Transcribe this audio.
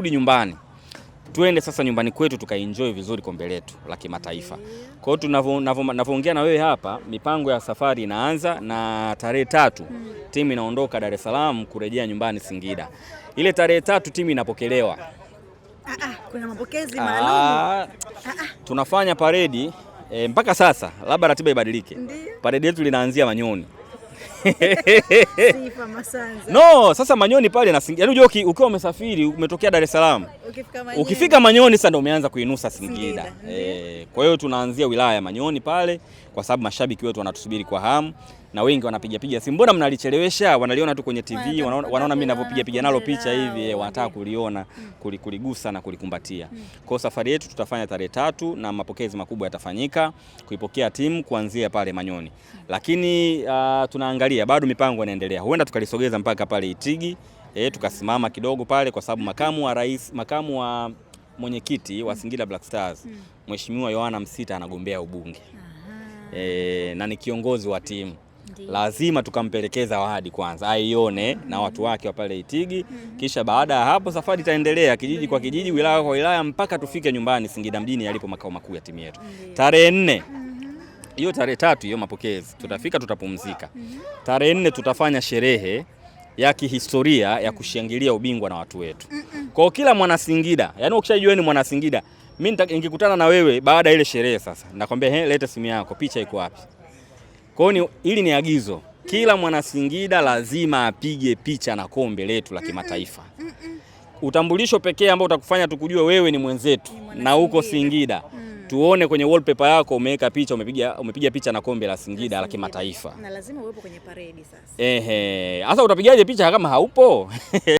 turudi nyumbani, tuende sasa nyumbani kwetu tukaenjoy vizuri kombe letu la kimataifa. Kwa hiyo tunavyoongea na wewe hapa, mipango ya safari inaanza na tarehe tatu hmm. timu inaondoka Dar es Salaam kurejea nyumbani Singida. Ile tarehe tatu timu inapokelewa ah, ah, kuna mapokezi ah, maalum ah, ah, ah. tunafanya paredi eh, mpaka sasa labda ratiba ibadilike, paredi yetu linaanzia Manyoni Sifa Masanza. No, sasa Manyoni pale na Singida. Yaani unajua ukiwa umesafiri umetokea Dar es Salaam. Ukifika Manyoni. Ukifika Manyoni sasa ndio umeanza kuinusa Singida. Singida. E, kwa hiyo tunaanzia wilaya ya Manyoni pale kwa sababu mashabiki wetu wanatusubiri kwa hamu na wengi wanapiga piga simu, mbona mnalichelewesha? Wanaliona tu kwenye TV, wanaona, wanaona mimi ninavyopiga piga nalo picha hivi, eh, wanataka mm. kuliona, mm. kuligusa na kulikumbatia. Mm. Kwa hiyo safari yetu tutafanya tarehe tatu na mapokezi makubwa yatafanyika kuipokea timu kuanzia pale Manyoni, lakini uh, tunaangalia ukiangalia bado mipango inaendelea, huenda tukalisogeza mpaka pale Itigi e, tukasimama kidogo pale, kwa sababu makamu wa rais, makamu wa mwenyekiti wa Singida Black Stars hmm. Mheshimiwa Yohana Msita anagombea ubunge e, na ni kiongozi wa timu lazima tukampelekeza wadi kwanza aione mm -hmm. na watu wake wa pale Itigi mm -hmm. kisha baada ya hapo safari itaendelea kijiji kwa kijiji, wilaya kwa wilaya mpaka tufike nyumbani Singida mjini yalipo makao makuu ya timu yetu tarehe nne hmm hiyo tarehe tatu hiyo mapokezi tutafika, mm-hmm. tutapumzika. Mm-hmm. Tarehe nne tutafanya sherehe ya kihistoria ya mm-hmm. kushangilia ubingwa na watu wetu. Kwa kila mwana Singida, yani ukishajua ni mwana Singida, mimi nikikutana na wewe baada ya ile sherehe sasa, nakwambia leta simu yako, picha iko wapi? Kwa hiyo hili ni agizo, kila mwana Singida lazima apige picha na kombe letu la kimataifa. Utambulisho pekee ambao utakufanya tukujue wewe ni mwenzetu na uko Singida tuone kwenye wallpaper yako umeweka picha, umepiga umepiga picha na kombe la Singida la kimataifa, na lazima uwepo kwenye parade sasa. Ehe, sasa utapigaje picha kama haupo?